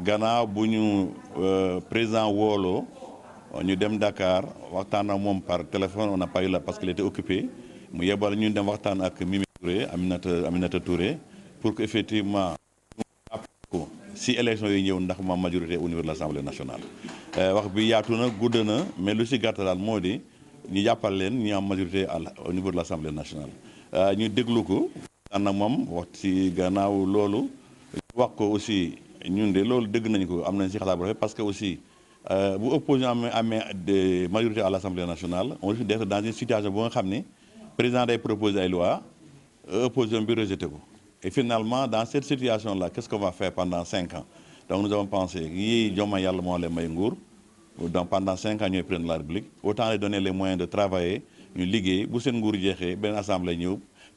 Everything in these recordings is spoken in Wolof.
gannaaw bu ñu euh, président wooloo ñu dem Dakar waxtaan ak moom par téléphone on a pas eu la parce qu'il était occupé mu yebal ñu dem waxtaan ak Mimi Touré Aminata Aminata Touré pour que effectivement ko si élection yi ñëw ndax ma majorité au niveau de l'Assemblée nationale euh, wax bi yaatu na gudd na mais lu si gàtt daal moo di ñu jàppal leen ñu am majorité au niveau de l'Assemblée nationale euh, ñu déglu ko waxtaan ak moom wax ci gannaaw loolu wax ko aussi nous, de loolu parce que aussi euh, bu opposition amé majorité à l'Assemblée nationale on risque être dans une situation où nga président day proposé lois loi euh, opposition bi rejeté et finalement dans cette situation là qu'est-ce qu'on va faire pendant cinq ans nous avons pensé que donc pendant cinq ans nous président la République autant donner les moyens de travailler de liguer, bu seen nguur jeexee benn assemblée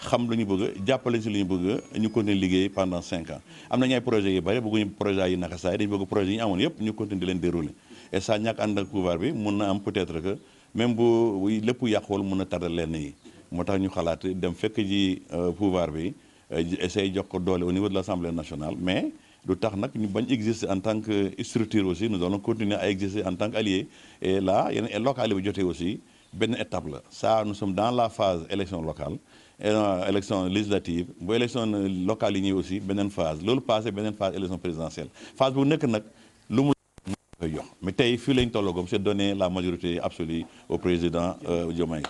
xam lu ñu bëgg jàppale si lu ñu bëgg ñu continuer liggéey pendant cinq ans am nañu ay projet yu bari bëgguñu projet yi naka saa yi dañu bëgg projet yi ñu amoon yëpp ñu continuer di leen dérouler et ça ñàkk ànd ak pouvoir bi mun na am peut-être que même bu lépp yàqool mun na tardal lenn yi moo tax ñu xalaat dem fekk ji euh, pouvoir bi euh, essayer jox ko doole au niveau de l'Assemblée nationale mais lu tax nag ñu bañ existe en tant que structure aussi nous allons continuer à exister en tant qu'alliés et là yeneen localité jotee aussi étape ça nous sommes dans la phase élection locale euh, élection législative élection euh, locale y a aussi une phase passe passé beneen phase élection présidentielle phase bu nous, nous mais il faut donner la majorité absolue au président euh, Diomaye